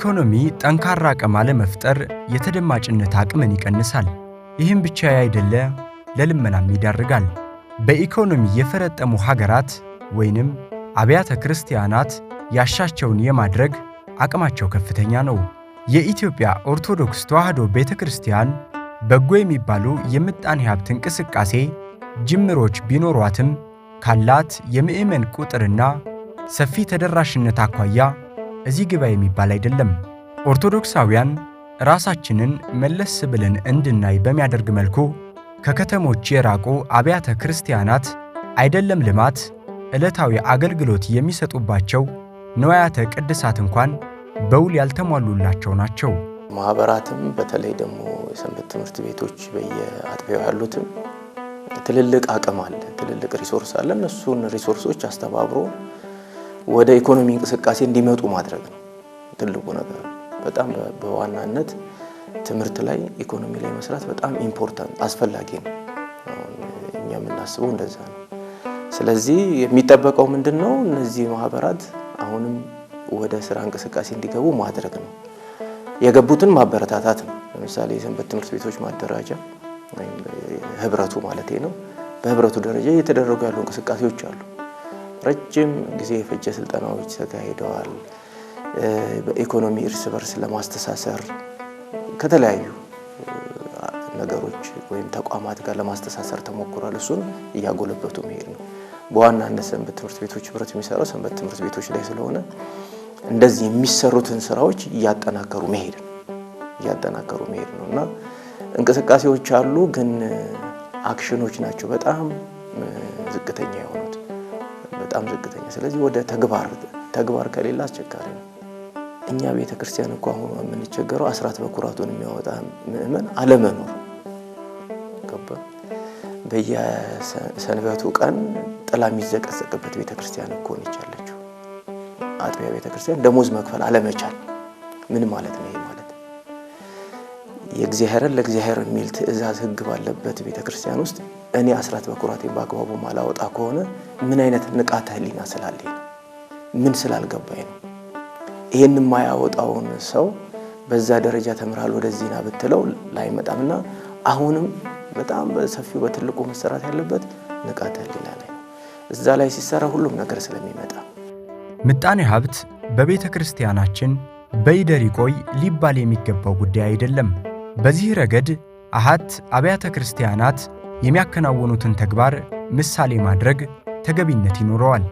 ኢኮኖሚ ጠንካራ አቅም አለመፍጠር የተደማጭነት አቅምን ይቀንሳል። ይህም ብቻ ያይደለ ለልመናም ይዳርጋል። በኢኮኖሚ የፈረጠሙ ሀገራት ወይንም አብያተ ክርስቲያናት ያሻቸውን የማድረግ አቅማቸው ከፍተኛ ነው። የኢትዮጵያ ኦርቶዶክስ ተዋሕዶ ቤተ ክርስቲያን በጎ የሚባሉ የምጣኔ ሀብት እንቅስቃሴ ጅምሮች ቢኖሯትም ካላት የምዕመን ቁጥርና ሰፊ ተደራሽነት አኳያ እዚህ ግባ የሚባል አይደለም። ኦርቶዶክሳውያን ራሳችንን መለስ ብለን እንድናይ በሚያደርግ መልኩ ከከተሞች የራቁ አብያተ ክርስቲያናት አይደለም ልማት ዕለታዊ አገልግሎት የሚሰጡባቸው ንዋያተ ቅድሳት እንኳን በውል ያልተሟሉላቸው ናቸው። ማኅበራትም በተለይ ደግሞ የሰንበት ትምህርት ቤቶች በየአጥቢያው ያሉትም ትልልቅ አቅም አለ፣ ትልልቅ ሪሶርስ አለ። እነሱን ሪሶርሶች አስተባብሮ ወደ ኢኮኖሚ እንቅስቃሴ እንዲመጡ ማድረግ ነው ትልቁ ነገር። በጣም በዋናነት ትምህርት ላይ ኢኮኖሚ ላይ መስራት በጣም ኢምፖርታንት አስፈላጊ ነው። እኛ የምናስበው እንደዛ ነው። ስለዚህ የሚጠበቀው ምንድን ነው? እነዚህ ማህበራት አሁንም ወደ ስራ እንቅስቃሴ እንዲገቡ ማድረግ ነው። የገቡትን ማበረታታት ነው። ለምሳሌ የሰንበት ትምህርት ቤቶች ማደራጃ ወይም ህብረቱ ማለት ነው። በህብረቱ ደረጃ እየተደረጉ ያሉ እንቅስቃሴዎች አሉ። ረጅም ጊዜ የፈጀ ስልጠናዎች ተካሂደዋል። በኢኮኖሚ እርስ በርስ ለማስተሳሰር ከተለያዩ ነገሮች ወይም ተቋማት ጋር ለማስተሳሰር ተሞክሯል። እሱን እያጎለበቱ መሄድ ነው። በዋናነት ሰንበት ትምህርት ቤቶች ህብረት የሚሰራው ሰንበት ትምህርት ቤቶች ላይ ስለሆነ እንደዚህ የሚሰሩትን ስራዎች እያጠናከሩ መሄድ ነው እያጠናከሩ መሄድ ነው እና እንቅስቃሴዎች አሉ፣ ግን አክሽኖች ናቸው በጣም ዝቅተኛ የሆኑ በጣም ዝቅተኛ። ስለዚህ ወደ ተግባር ተግባር ከሌለ አስቸጋሪ ነው። እኛ ቤተ ክርስቲያን እኮ አሁን የምንቸገረው አስራት በኩራቱን የሚያወጣ ምእመን አለመኖር በየሰንበቱ ቀን ጥላ የሚዘቀዘቅበት ቤተ ክርስቲያን እኮ ነች ያለችው። አጥቢያ ቤተ ክርስቲያን ደሞዝ መክፈል አለመቻል ምን ማለት ነው? የእግዚአብሔርን ለእግዚአብሔር የሚል ትእዛዝ ህግ ባለበት ቤተ ክርስቲያን ውስጥ እኔ አስራት በኩራቴ በአግባቡ ማላወጣ ከሆነ ምን አይነት ንቃተ ህሊና ስላለኝ ምን ስላልገባኝ ነው? ይህን የማያወጣውን ሰው በዛ ደረጃ ተምራል ወደዚህና ብትለው ላይመጣምና አሁንም በጣም በሰፊው በትልቁ መሰራት ያለበት ንቃተ ህሊና ላይ እዛ ላይ ሲሰራ ሁሉም ነገር ስለሚመጣ ምጣኔ ሀብት በቤተ ክርስቲያናችን በይደር ይቆይ ሊባል የሚገባው ጉዳይ አይደለም። በዚህ ረገድ አሃት አብያተ ክርስቲያናት የሚያከናውኑትን ተግባር ምሳሌ ማድረግ ተገቢነት ይኖረዋል።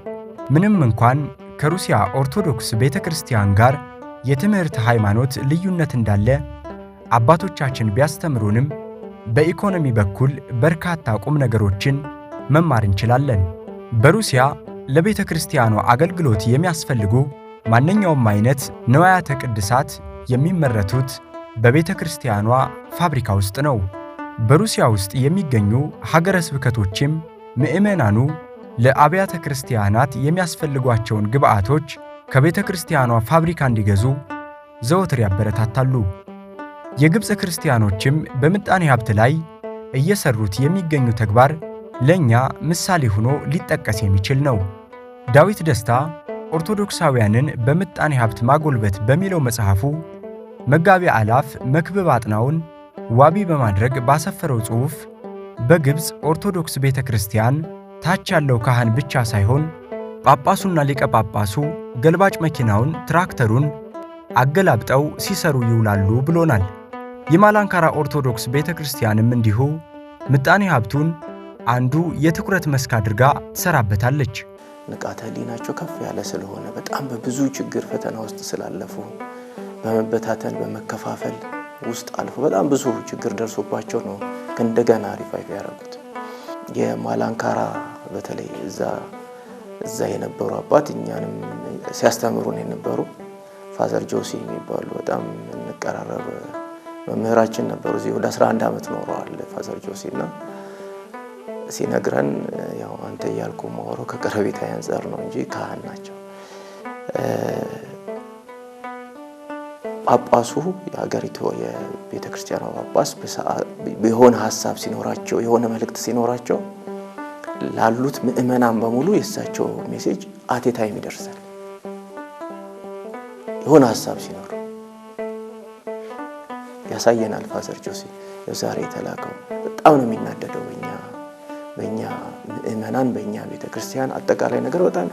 ምንም እንኳን ከሩሲያ ኦርቶዶክስ ቤተ ክርስቲያን ጋር የትምህርት ሃይማኖት ልዩነት እንዳለ አባቶቻችን ቢያስተምሩንም በኢኮኖሚ በኩል በርካታ ቁም ነገሮችን መማር እንችላለን። በሩሲያ ለቤተ ክርስቲያኑ አገልግሎት የሚያስፈልጉ ማንኛውም አይነት ንዋያተ ቅድሳት የሚመረቱት በቤተ ክርስቲያኗ ፋብሪካ ውስጥ ነው። በሩሲያ ውስጥ የሚገኙ ሀገረ ስብከቶችም ምዕመናኑ ለአብያተ ክርስቲያናት የሚያስፈልጓቸውን ግብዓቶች ከቤተ ክርስቲያኗ ፋብሪካ እንዲገዙ ዘወትር ያበረታታሉ። የግብፅ ክርስቲያኖችም በምጣኔ ሀብት ላይ እየሰሩት የሚገኙ ተግባር ለእኛ ምሳሌ ሆኖ ሊጠቀስ የሚችል ነው። ዳዊት ደስታ ኦርቶዶክሳውያንን በምጣኔ ሀብት ማጎልበት በሚለው መጽሐፉ መጋቢ አላፍ መክብብ አጥናውን ዋቢ በማድረግ ባሰፈረው ጽሑፍ በግብፅ ኦርቶዶክስ ቤተ ክርስቲያን ታች ያለው ካህን ብቻ ሳይሆን ጳጳሱና ሊቀ ጳጳሱ ገልባጭ መኪናውን፣ ትራክተሩን አገላብጠው ሲሰሩ ይውላሉ ብሎናል። የማላንካራ ኦርቶዶክስ ቤተ ክርስቲያንም እንዲሁ ምጣኔ ሀብቱን አንዱ የትኩረት መስክ አድርጋ ትሰራበታለች። ንቃተ ሕሊናቸው ከፍ ያለ ስለሆነ በጣም በብዙ ችግር ፈተና ውስጥ ስላለፉ በመበታተን በመከፋፈል ውስጥ አልፎ በጣም ብዙ ችግር ደርሶባቸው ነው እንደገና ሪቫይቭ ያደረጉት። የማላንካራ በተለይ እዛ እዛ የነበሩ አባት እኛንም ሲያስተምሩን የነበሩ ፋዘር ጆሲ የሚባሉ በጣም እንቀራረብ መምህራችን ነበሩ። እዚህ ወደ 11 ዓመት ኖረዋል ፋዘር ጆሲ እና ሲነግረን ያው አንተ እያልኩ ማወራው ከቀረቤታዊ አንጻር ነው እንጂ ካህን ናቸው። ጳጳሱ የሀገሪቱ የቤተ ክርስቲያኗ ጳጳስ የሆነ ሀሳብ ሲኖራቸው የሆነ መልእክት ሲኖራቸው ላሉት ምእመናን በሙሉ የእሳቸው ሜሴጅ አቴታይም ይደርሳል። የሆነ ሀሳብ ሲኖር ያሳየናል። ፋዘር ጆሲ ዛሬ የተላከው በጣም ነው የሚናደደው በኛ በእኛ ምእመናን በእኛ ቤተ ክርስቲያን አጠቃላይ ነገር በጣም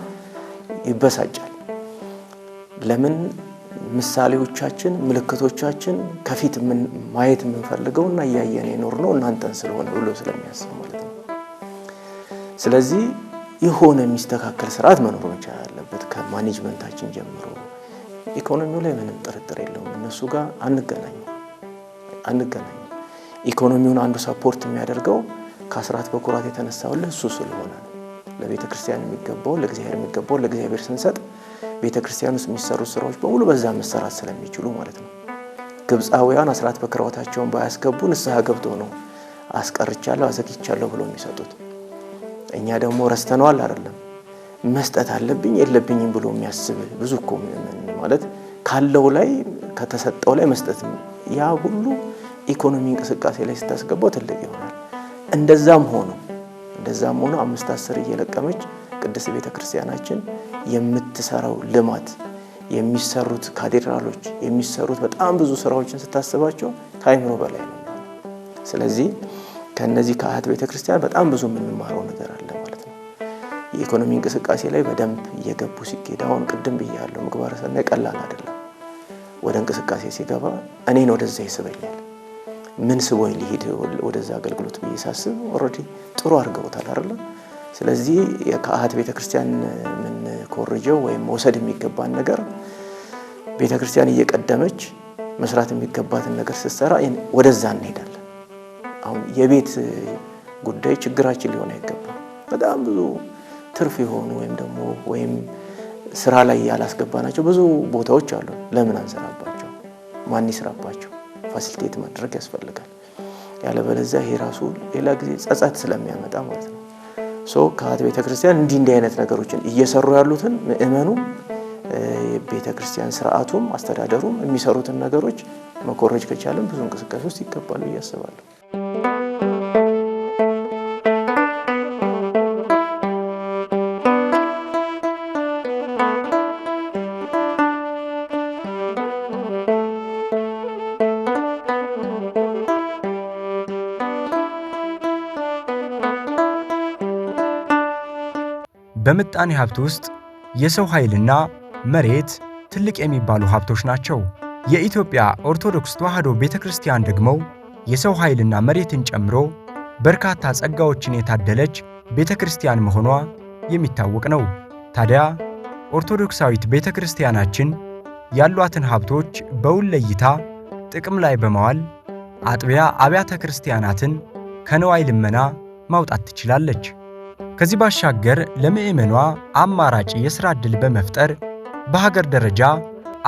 ይበሳጫል። ለምን ምሳሌዎቻችን፣ ምልክቶቻችን ከፊት ማየት የምንፈልገው እና እያየን የኖር ነው እናንተን ስለሆነ ብሎ ስለሚያስብ ማለት ነው። ስለዚህ የሆነ የሚስተካከል ስርዓት መኖር መቻል ያለበት ከማኔጅመንታችን ጀምሮ። ኢኮኖሚው ላይ ምንም ጥርጥር የለውም። እነሱ ጋር አንገናኝ አንገናኝ። ኢኮኖሚውን አንዱ ሰፖርት የሚያደርገው ከአስራት በኩራት የተነሳውልህ እሱ ስለሆነ ለቤተ ክርስቲያን የሚገባው ለእግዚአብሔር የሚገባው ለእግዚአብሔር ስንሰጥ ቤተ ክርስቲያን ውስጥ የሚሰሩ ስራዎች በሙሉ በዛ መሰራት ስለሚችሉ ማለት ነው። ግብፃውያን አስራት በክረወታቸውን ባያስገቡ ንስሐ ገብቶ ነው አስቀርቻለሁ አዘግቻለሁ ብሎ የሚሰጡት። እኛ ደግሞ ረስተነዋል አይደለም መስጠት አለብኝ የለብኝም ብሎ የሚያስብ ብዙ እኮ ማለት ካለው ላይ ከተሰጠው ላይ መስጠት ያ ሁሉ ኢኮኖሚ እንቅስቃሴ ላይ ስታስገባው ትልቅ ይሆናል። እንደዛም ሆኖ እንደዛም ሆኖ አምስት አስር እየለቀመች ቅድስት ቤተ ክርስቲያናችን የምትሰራው ልማት፣ የሚሰሩት ካቴድራሎች፣ የሚሰሩት በጣም ብዙ ስራዎችን ስታስባቸው ከአይምሮ በላይ ነው። ስለዚህ ከነዚህ ከአያት ቤተ ክርስቲያን በጣም ብዙ የምንማረው ነገር አለ ማለት ነው። የኢኮኖሚ እንቅስቃሴ ላይ በደንብ እየገቡ ሲኬድ አሁን ቅድም ብያለሁ፣ ምግባረ ሰናይ ቀላል አይደለም። ወደ እንቅስቃሴ ሲገባ እኔን ወደዛ ይስበኛል። ምን ስቦኝ ሊሄድ ወደዛ አገልግሎት ብዬ ሳስብ ረ ጥሩ አድርገውታል አይደለም ስለዚህ ከአህት ቤተ ክርስቲያን የምንኮርጀው ወይም መውሰድ የሚገባን ነገር ቤተ ክርስቲያን እየቀደመች መስራት የሚገባትን ነገር ስትሰራ ወደዛ እንሄዳለን። አሁን የቤት ጉዳይ ችግራችን ሊሆን አይገባም። በጣም ብዙ ትርፍ የሆኑ ወይም ደግሞ ወይም ስራ ላይ ያላስገባናቸው ብዙ ቦታዎች አሉ። ለምን አንሰራባቸው? ማን ይስራባቸው? ፋሲሊቴት ማድረግ ያስፈልጋል። ያለበለዚያ ይሄ ራሱ ሌላ ጊዜ ጸጸት ስለሚያመጣ ማለት ነው። ቤተ ቤተክርስቲያን እንዲህ እንዲህ አይነት ነገሮችን እየሰሩ ያሉትን ምእመኑም ቤተክርስቲያን ስርዓቱም አስተዳደሩም የሚሰሩትን ነገሮች መኮረጅ ከቻለም ብዙ እንቅስቃሴ ውስጥ ይገባሉ እያስባለሁ። በምጣኔ ሀብት ውስጥ የሰው ኃይልና መሬት ትልቅ የሚባሉ ሀብቶች ናቸው። የኢትዮጵያ ኦርቶዶክስ ተዋሕዶ ቤተ ክርስቲያን ደግሞ የሰው ኃይልና መሬትን ጨምሮ በርካታ ጸጋዎችን የታደለች ቤተ ክርስቲያን መሆኗ የሚታወቅ ነው። ታዲያ ኦርቶዶክሳዊት ቤተ ክርስቲያናችን ያሏትን ሀብቶች በውል ለይታ ጥቅም ላይ በማዋል አጥቢያ አብያተ ክርስቲያናትን ከነዋይ ልመና ማውጣት ትችላለች። ከዚህ ባሻገር ለምዕመኗ አማራጭ የሥራ ዕድል በመፍጠር በሀገር ደረጃ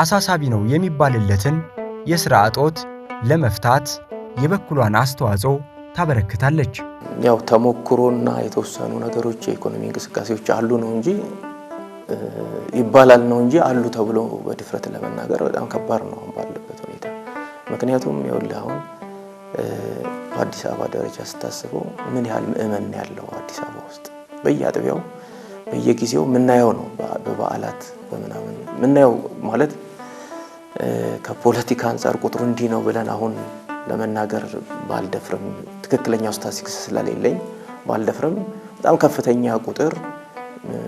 አሳሳቢ ነው የሚባልለትን የሥራ እጦት ለመፍታት የበኩሏን አስተዋጽኦ ታበረክታለች። ያው ተሞክሮና የተወሰኑ ነገሮች የኢኮኖሚ እንቅስቃሴዎች አሉ ነው እንጂ ይባላል ነው እንጂ አሉ ተብሎ በድፍረት ለመናገር በጣም ከባድ ነው አሁን ባለበት ሁኔታ። ምክንያቱም ይኸውልህ አሁን በአዲስ አበባ ደረጃ ስታስበው ምን ያህል ምዕመን ያለው አዲስ አበባ ውስጥ በየአጥቢያው በየጊዜው የምናየው ነው። በበዓላት በምናምን የምናየው ማለት ከፖለቲካ አንጻር ቁጥሩ እንዲህ ነው ብለን አሁን ለመናገር ባልደፍርም፣ ትክክለኛ ስታቲስቲክስ ስለሌለኝ ባልደፍርም፣ በጣም ከፍተኛ ቁጥር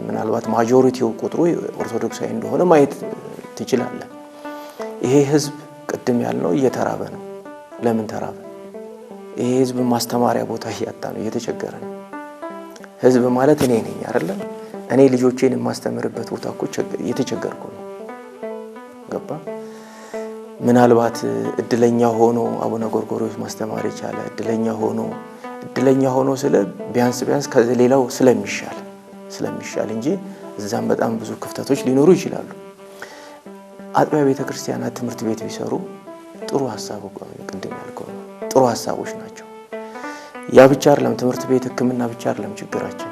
ምናልባት ማጆሪቲው ቁጥሩ ኦርቶዶክሳዊ እንደሆነ ማየት ትችላለን። ይሄ ህዝብ ቅድም ያልነው እየተራበ ነው። ለምን ተራበ? ይሄ ህዝብ ማስተማሪያ ቦታ እያጣ ነው፣ እየተቸገረ ነው። ህዝብ ማለት እኔ ነኝ አይደለም። እኔ ልጆቼን የማስተምርበት ቦታ እኮ እየተቸገርኩ ነው። ገባ ምናልባት እድለኛ ሆኖ አቡነ ጎርጎርዮስ ማስተማር የቻለ እድለኛ ሆኖ እድለኛ ሆኖ ስለ ቢያንስ ቢያንስ ከሌላው ስለሚሻል ስለሚሻል እንጂ እዛም በጣም ብዙ ክፍተቶች ሊኖሩ ይችላሉ። አጥቢያ ቤተ ክርስቲያናት ትምህርት ቤት ቢሰሩ ጥሩ ሀሳብ ቅድም ያልከው ጥሩ ሀሳቦች ናቸው። ያ ብቻ አይደለም፣ ትምህርት ቤት ህክምና ብቻ አይደለም ችግራችን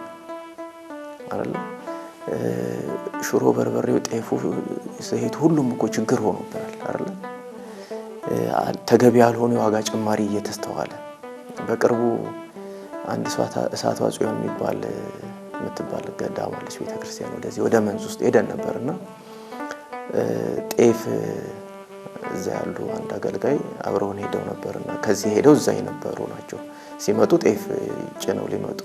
አይደለ። ሽሮ፣ በርበሬው፣ ጤፉ፣ ስሄቱ ሁሉም እኮ ችግር ሆኖብናል አይደለ። ተገቢ ያልሆኑ የዋጋ ጭማሪ እየተስተዋለ በቅርቡ አንድ እሳት ጽዮን የሚባል የምትባል ገዳማለች ቤተክርስቲያን፣ ወደዚህ ወደ መንዝ ውስጥ ሄደን ነበርና ጤፍ እዛ ያሉ አንድ አገልጋይ አብረውን ሄደው እና ከዚህ ሄደው እዛ የነበሩ ናቸው። ሲመጡ ጤፍ ጭነው ሊመጡ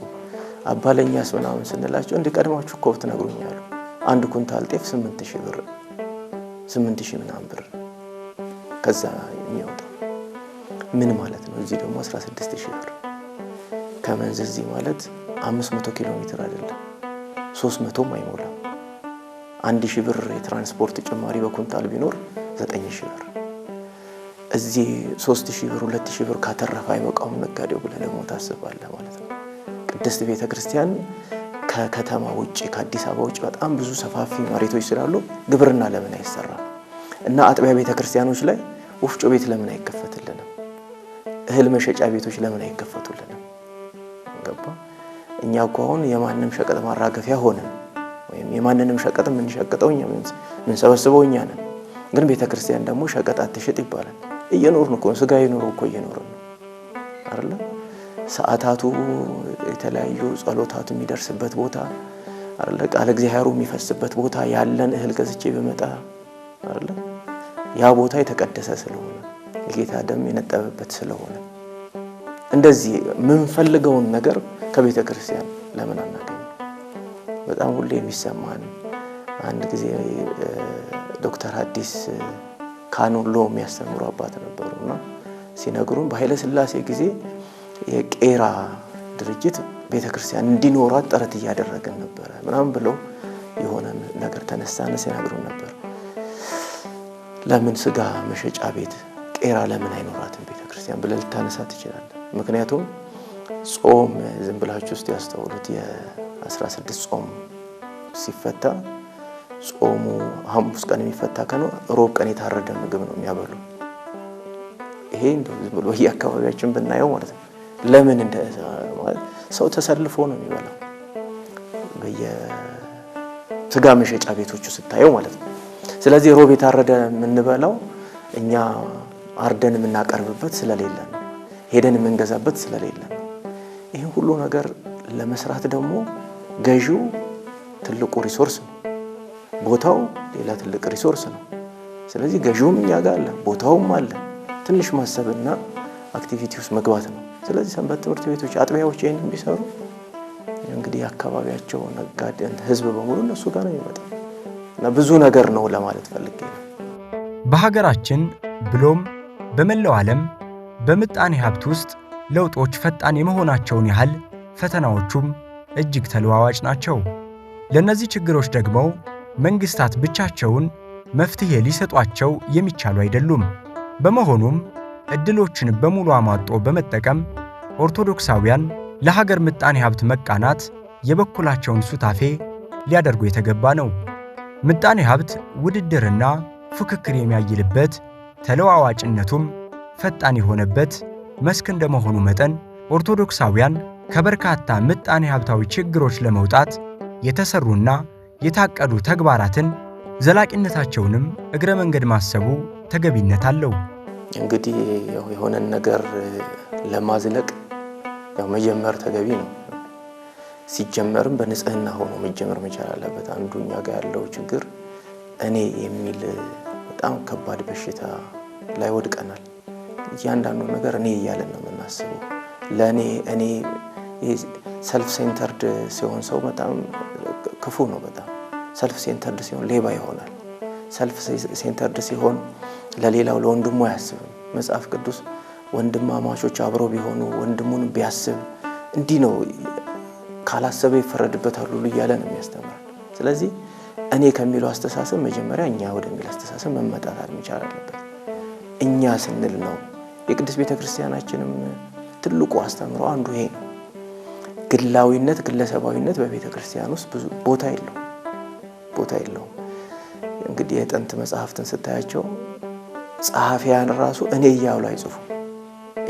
አባለኛስ ምናምን ስንላቸው እንዲ ቀድማችሁ እኮ ብትነግሩኛሉ። አንድ ኩንታል ጤፍ ስምንት ሺህ ብር ስምንት ሺህ ምናምን ብር ከዛ የሚወጣው ምን ማለት ነው? እዚህ ደግሞ 16 ሺህ ብር ከመንዝ እዚህ ማለት 500 ኪሎ ሜትር አይደለም 300ም አይሞላም። አንድ ሺህ ብር የትራንስፖርት ጭማሪ በኩንታል ቢኖር ዘጠኝ ሺህ ብር እዚህ ሶስት ሺህ ብር ሁለት ሺህ ብር ካተረፈ አይበቃውም ነጋዴው ብለህ ደግሞ ታስባለህ ማለት ነው። ቅድስት ቤተ ክርስቲያን ከከተማ ውጭ ከአዲስ አበባ ውጭ በጣም ብዙ ሰፋፊ መሬቶች ስላሉ ግብርና ለምን አይሰራም? እና አጥቢያ ቤተ ክርስቲያኖች ላይ ወፍጮ ቤት ለምን አይከፈትልንም? እህል መሸጫ ቤቶች ለምን አይከፈቱልንም? ገባ እኛ እኮ አሁን የማንም ሸቀጥ ማራገፊያ ሆንን፣ ወይም የማንንም ሸቀጥ የምንሸቅጠው እኛ ነን። ግን ቤተ ክርስቲያን ደግሞ ሸቀጥ አትሸጥ ይባላል። እየኖርን እኮ ስጋ ስጋዊ ኑሮ እኮ እየኖርን ነው አይደለ? ሰዓታቱ የተለያዩ ጸሎታቱ የሚደርስበት ቦታ አይደለ? ቃለ እግዚአብሔሩ የሚፈስበት ቦታ ያለን እህል ገዝቼ በመጣ አይደለ? ያ ቦታ የተቀደሰ ስለሆነ የጌታ ደም የነጠበበት ስለሆነ እንደዚህ የምንፈልገውን ነገር ከቤተ ክርስቲያን ለምን አናገኝ? በጣም ሁሌ የሚሰማን አንድ ጊዜ ዶክተር አዲስ ካኑን ሎ የሚያስተምሩ አባት ነበሩ እና ሲነግሩን በኃይለ ስላሴ ጊዜ የቄራ ድርጅት ቤተክርስቲያን እንዲኖራት ጥረት እያደረግን ነበረ ምናምን ብለው የሆነ ነገር ተነሳነ ሲነግሩን ነበር። ለምን ስጋ መሸጫ ቤት ቄራ ለምን አይኖራትም ቤተክርስቲያን ብለን ልታነሳ ትችላለ። ምክንያቱም ጾም ዝም ብላችሁ ውስጥ ያስተውሉት የ16 ጾም ሲፈታ ጾሙ ሐሙስ ቀን የሚፈታ ከነው ሮብ ቀን የታረደ ምግብ ነው የሚያበሉ። ይሄ በየአካባቢያችን ብናየው ማለት ነው። ለምን እንደ ሰው ተሰልፎ ነው የሚበላው? በየስጋ መሸጫ ቤቶቹ ስታየው ማለት ነው። ስለዚህ ሮብ የታረደ የምንበላው እኛ አርደን የምናቀርብበት ስለሌለ ነው። ሄደን የምንገዛበት ስለሌለ ነው። ይህን ሁሉ ነገር ለመስራት ደግሞ ገዢው ትልቁ ሪሶርስ ነው። ቦታው ሌላ ትልቅ ሪሶርስ ነው። ስለዚህ ገዢውም እኛ ጋር አለ፣ ቦታውም አለ። ትንሽ ማሰብና አክቲቪቲ ውስጥ መግባት ነው። ስለዚህ ሰንበት ትምህርት ቤቶች፣ አጥቢያዎች ይህን ቢሰሩ እንግዲህ የአካባቢያቸው ነጋዴን ህዝብ በሙሉ እነሱ ጋር ነው ይመጣል እና ብዙ ነገር ነው ለማለት ፈልጌ ነው። በሀገራችን ብሎም በመላው ዓለም በምጣኔ ሀብት ውስጥ ለውጦች ፈጣን የመሆናቸውን ያህል ፈተናዎቹም እጅግ ተለዋዋጭ ናቸው። ለእነዚህ ችግሮች ደግሞ መንግስታት ብቻቸውን መፍትሄ ሊሰጧቸው የሚቻሉ አይደሉም። በመሆኑም እድሎችን በሙሉ አሟጦ በመጠቀም ኦርቶዶክሳውያን ለሀገር ምጣኔ ሀብት መቃናት የበኩላቸውን ሱታፌ ሊያደርጉ የተገባ ነው። ምጣኔ ሀብት ውድድርና ፉክክር የሚያይልበት ተለዋዋጭነቱም ፈጣን የሆነበት መስክ እንደመሆኑ መጠን ኦርቶዶክሳውያን ከበርካታ ምጣኔ ሀብታዊ ችግሮች ለመውጣት የተሰሩና የታቀዱ ተግባራትን ዘላቂነታቸውንም እግረ መንገድ ማሰቡ ተገቢነት አለው። እንግዲህ የሆነን ነገር ለማዝለቅ ያው መጀመር ተገቢ ነው። ሲጀመርም በንጽህና ሆኖ መጀመር መቻል አለበት። አንዱ እኛ ጋር ያለው ችግር እኔ የሚል በጣም ከባድ በሽታ ላይ ወድቀናል። እያንዳንዱ ነገር እኔ እያለን ነው የምናስበው። ለእኔ እኔ ሰልፍ ሴንተርድ ሲሆን ሰው በጣም ክፉ ነው በጣም ሰልፍ ሴንተርድ ሲሆን ሌባ ይሆናል። ሰልፍ ሴንተርድ ሲሆን ለሌላው ለወንድሙ አያስብም። መጽሐፍ ቅዱስ ወንድማማቾች አብረው ቢሆኑ ወንድሙን ቢያስብ እንዲህ ነው ካላሰበ ይፈረድበታል ሁሉ እያለ ነው የሚያስተምራል ስለዚህ እኔ ከሚለው አስተሳሰብ መጀመሪያ እኛ ወደሚል አስተሳሰብ መመጣት መቻል አለበት። እኛ ስንል ነው የቅዱስ ቤተ ክርስቲያናችንም ትልቁ አስተምሮ አንዱ ይሄ ነው። ግላዊነት፣ ግለሰባዊነት በቤተ ክርስቲያን ውስጥ ብዙ ቦታ የለው። ቦታ የለውም። እንግዲህ የጥንት መጽሐፍትን ስታያቸው ጸሐፊያን ራሱ እኔ እያሉ አይጽፉም፣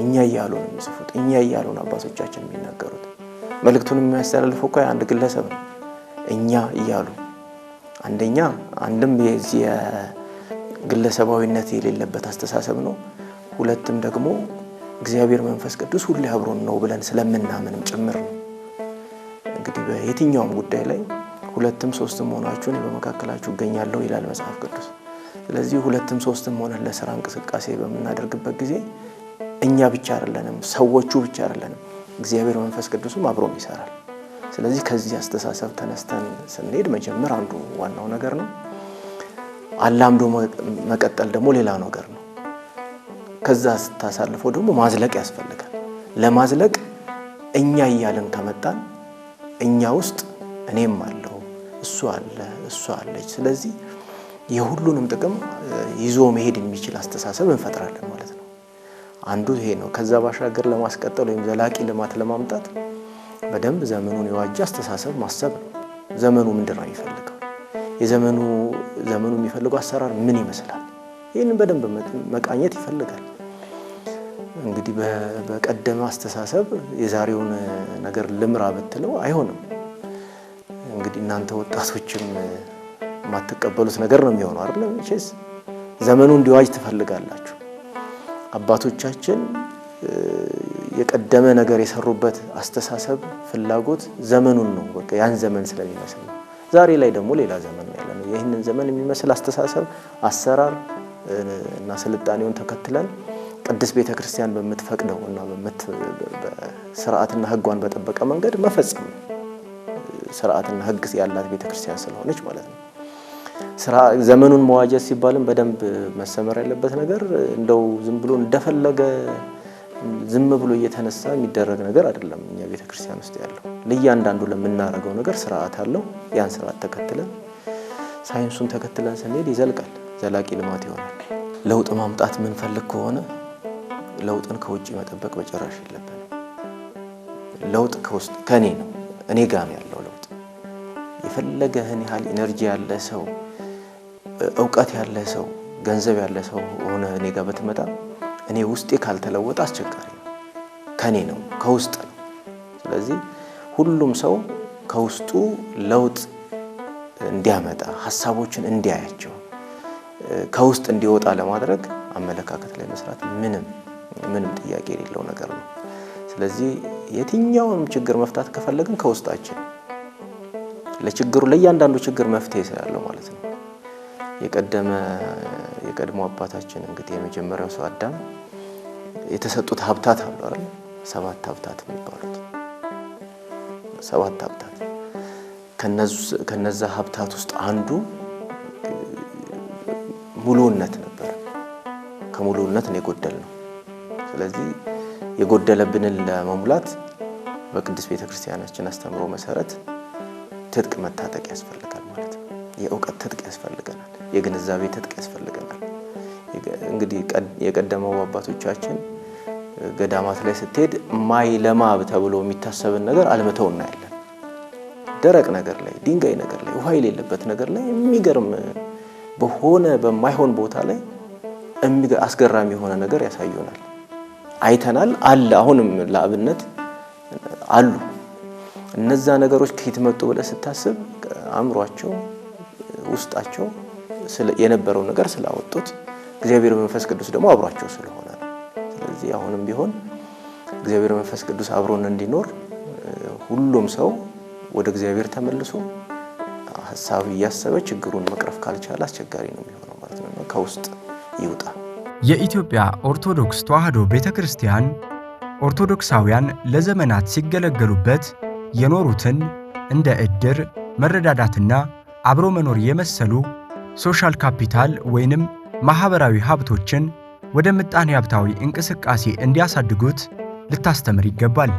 እኛ እያሉ ነው የሚጽፉት። እኛ እያሉ ነው አባቶቻችን የሚናገሩት። መልእክቱን የሚያስተላልፈው እኮ አንድ ግለሰብ ነው። እኛ እያሉ አንደኛ አንድም የዚህ ግለሰባዊነት የሌለበት አስተሳሰብ ነው። ሁለትም ደግሞ እግዚአብሔር መንፈስ ቅዱስ ሁሌ አብሮን ነው ብለን ስለምናምንም ጭምር ነው። እንግዲህ በየትኛውም ጉዳይ ላይ ሁለትም ሶስትም መሆናችሁን በመካከላችሁ እገኛለሁ ይላል መጽሐፍ ቅዱስ። ስለዚህ ሁለትም ሶስትም ሆነ ለስራ እንቅስቃሴ በምናደርግበት ጊዜ እኛ ብቻ አይደለንም፣ ሰዎቹ ብቻ አይደለንም፣ እግዚአብሔር መንፈስ ቅዱስም አብሮም ይሰራል። ስለዚህ ከዚህ አስተሳሰብ ተነስተን ስንሄድ መጀመር አንዱ ዋናው ነገር ነው። አላምዶ መቀጠል ደግሞ ሌላ ነገር ነው። ከዛ ስታሳልፎ ደግሞ ማዝለቅ ያስፈልጋል። ለማዝለቅ እኛ እያልን ከመጣን እኛ ውስጥ እኔም አለ እሱ አለ እሱ አለች። ስለዚህ የሁሉንም ጥቅም ይዞ መሄድ የሚችል አስተሳሰብ እንፈጥራለን ማለት ነው። አንዱ ይሄ ነው። ከዛ ባሻገር ለማስቀጠል ወይም ዘላቂ ልማት ለማምጣት በደንብ ዘመኑን የዋጀ አስተሳሰብ ማሰብ ነው። ዘመኑ ምንድን ነው የሚፈልገው? የዘመኑ ዘመኑ የሚፈልገው አሰራር ምን ይመስላል? ይህንን በደንብ መቃኘት ይፈልጋል። እንግዲህ በቀደመ አስተሳሰብ የዛሬውን ነገር ልምራ ብትለው አይሆንም። እንግዲህ እናንተ ወጣቶችም የማትቀበሉት ነገር ነው የሚሆነው አይደለ? መቼስ ዘመኑ እንዲዋጅ ትፈልጋላችሁ። አባቶቻችን የቀደመ ነገር የሰሩበት አስተሳሰብ፣ ፍላጎት ዘመኑን ነው በቃ ያን ዘመን ስለሚመስል ነው። ዛሬ ላይ ደግሞ ሌላ ዘመን ያለ ነው። ይህንን ዘመን የሚመስል አስተሳሰብ፣ አሰራር እና ስልጣኔውን ተከትለን ቅድስት ቤተ ክርስቲያን በምትፈቅደው እና ስርዓትና ሕጓን በጠበቀ መንገድ መፈጸም ነው። ስርዓትና ህግ ያላት ቤተክርስቲያን ስለሆነች ማለት ነው። ስራ ዘመኑን መዋጀት ሲባልም በደንብ መሰመር ያለበት ነገር እንደው ዝም ብሎ እንደፈለገ ዝም ብሎ እየተነሳ የሚደረግ ነገር አይደለም። እኛ ቤተክርስቲያን ውስጥ ያለው ለእያንዳንዱ ለምናደርገው ነገር ስርዓት አለው። ያን ስርዓት ተከትለን ሳይንሱን ተከትለን ስንሄድ ይዘልቃል፣ ዘላቂ ልማት ይሆናል። ለውጥ ማምጣት የምንፈልግ ከሆነ ለውጥን ከውጭ መጠበቅ መጨራሽ የለብን። ለውጥ ከውስጥ ከእኔ ነው እኔ ጋም ያለው የፈለገህን ያህል ኤነርጂ ያለ ሰው፣ እውቀት ያለ ሰው፣ ገንዘብ ያለ ሰው ሆነ እኔ ጋር ብትመጣ እኔ ውስጤ ካልተለወጠ አስቸጋሪ ነው። ከኔ ነው ከውስጥ ነው። ስለዚህ ሁሉም ሰው ከውስጡ ለውጥ እንዲያመጣ ሀሳቦችን እንዲያያቸው ከውስጥ እንዲወጣ ለማድረግ አመለካከት ላይ መስራት ምንም ምንም ጥያቄ የሌለው ነገር ነው። ስለዚህ የትኛውንም ችግር መፍታት ከፈለግን ከውስጣችን ለችግሩ ለእያንዳንዱ ችግር መፍትሄ ስላለው ማለት ነው። የቀደመ የቀድሞ አባታችን እንግዲህ የመጀመሪያው ሰው አዳም የተሰጡት ሀብታት አሉ አይደል? ሰባት ሀብታት የሚባሉት ሰባት ሀብታት ከነዛ ሀብታት ውስጥ አንዱ ሙሉነት ነበር። ከሙሉነት ነው የጎደል ነው። ስለዚህ የጎደለብንን ለመሙላት በቅድስት ቤተክርስቲያናችን አስተምሮ መሰረት ትጥቅ መታጠቅ ያስፈልጋል ማለት ነው። የእውቀት ትጥቅ ያስፈልገናል። የግንዛቤ ትጥቅ ያስፈልገናል። እንግዲህ የቀደመው አባቶቻችን ገዳማት ላይ ስትሄድ ማይ ለማብ ተብሎ የሚታሰብን ነገር አልምተው እናያለን። ደረቅ ነገር ላይ፣ ድንጋይ ነገር ላይ፣ ውሃ የሌለበት ነገር ላይ የሚገርም በሆነ በማይሆን ቦታ ላይ አስገራሚ የሆነ ነገር ያሳዩናል። አይተናል። አለ አሁንም ለአብነት አሉ እነዛ ነገሮች ከየት መጡ ብለህ ስታስብ አእምሯቸው ውስጣቸው የነበረው ነገር ስላወጡት እግዚአብሔር መንፈስ ቅዱስ ደግሞ አብሯቸው ስለሆነ ነው። ስለዚህ አሁንም ቢሆን እግዚአብሔር መንፈስ ቅዱስ አብሮን እንዲኖር ሁሉም ሰው ወደ እግዚአብሔር ተመልሶ ሀሳብ እያሰበ ችግሩን መቅረፍ ካልቻለ አስቸጋሪ ነው የሚሆነው ማለት ነው። ከውስጥ ይውጣ። የኢትዮጵያ ኦርቶዶክስ ተዋሕዶ ቤተ ክርስቲያን ኦርቶዶክሳውያን ለዘመናት ሲገለገሉበት የኖሩትን እንደ ዕድር መረዳዳትና አብሮ መኖር የመሰሉ ሶሻል ካፒታል ወይንም ማኅበራዊ ሀብቶችን ወደ ምጣኔ ሀብታዊ እንቅስቃሴ እንዲያሳድጉት ልታስተምር ይገባል።